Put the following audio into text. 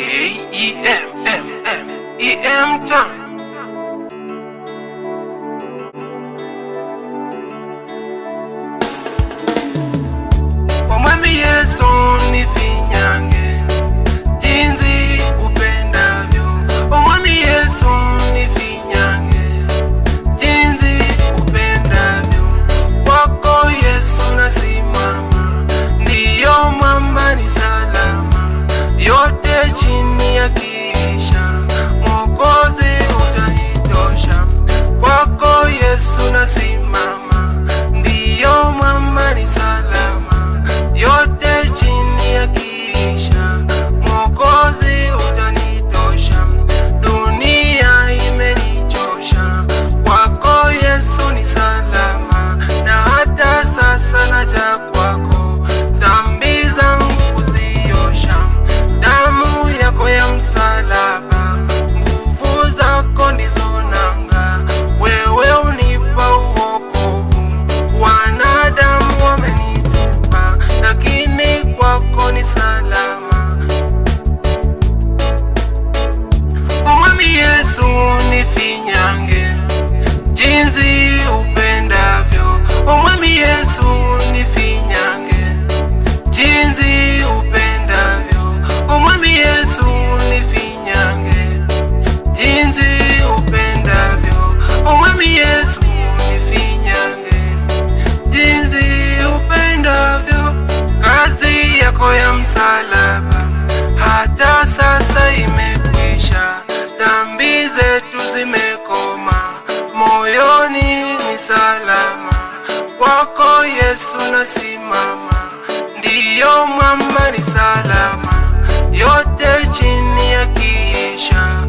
A E M M M E M Town. jinsi upendavyo, umwami Yesu nifinyange, jinsi upendavyo, umwami Yesu nifinyange, jinsi upendavyo, umwami Yesu nifinyange, jinsi upendavyo, kazi yako ya msalaba hata sasa imekwisha, dhambi zetu zimekoma salama wako Yesu simama ndiyo mwamba ni salama, yote chini ya kiisha